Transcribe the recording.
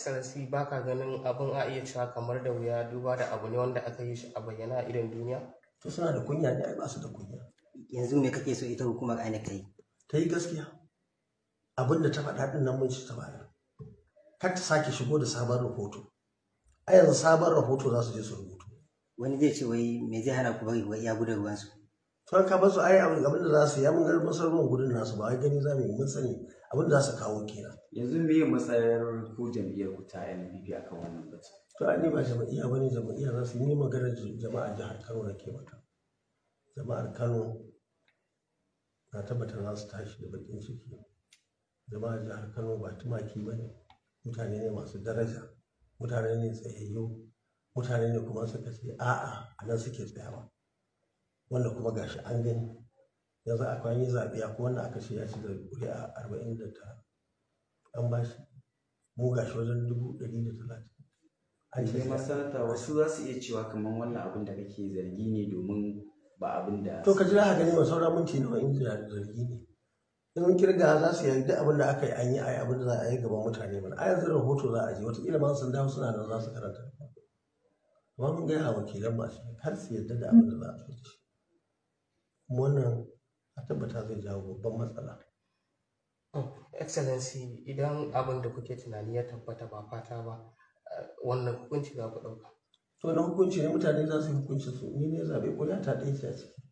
excellency baka ganin abin a iya cewa kamar da wuya duba da abu ne wanda aka yi shi a bayyana a idon duniya to suna da kunya ne ai ba su da kunya yanzu me kake so ita hukumar aina ta yi ta yi gaskiya abin da ta faɗa ɗin nan mun ci ta bayar kar ta sake shigo da sabon rahoto a yanzu sabon rahoto za su je su rubutu wani zai ce wai me zai hana ku bari ya gudu ruwansu to ka basu ayi abin abin da za su yi mun ga masarufin gudun nasu ba ai gani za mu yi mun sani abin da za su kawo kenan yanzu me yin matsayar ko jam'iyyar ku ta NPP akan wannan batu to ai ni ba jam'iyya bane jam'iyya za su yi magana jama'a jihar Kano da ke mata jama'ar Kano na tabbatar za su tashi da bakin ciki jama'ar jihar Kano ba tumaki ba ne mutane ne masu daraja mutane ne tsayayyu mutane ne kuma suka ce a'a a nan suke tsayawa Wanda kuma gashi an gani yanzu a kwanyi zaɓe a ko aka ce ya ci zaɓe ƙuri'a arba'in da ta. an ba shi mu gashi wajen dubu ɗari da talatin an ce masarauta wasu za su iya cewa kamar wannan abin da kake zargi ne domin ba abin da to ka jira haka ne ma saura ce nawa in jira zargi ne in kirga za su yarda abin da aka yi an yi a yi abin da za a yi gaban mutane mana a yanzu rahoto za a je wataƙila ma sun dawo suna nan za su karanta Kuma mun gaya wakilan masu har su yarda da abin da za a yi. wannan a tabbata zai jawo babban matsala. Oh, excellency idan abin da kuke tunani ya tabbata ba fata ba eh, wannan hukunci za ku ɗauka. to na hukunci ne mutane za su yi hukunci su ni ne zaɓe ƙuri'a ta ɗaya ce a ciki.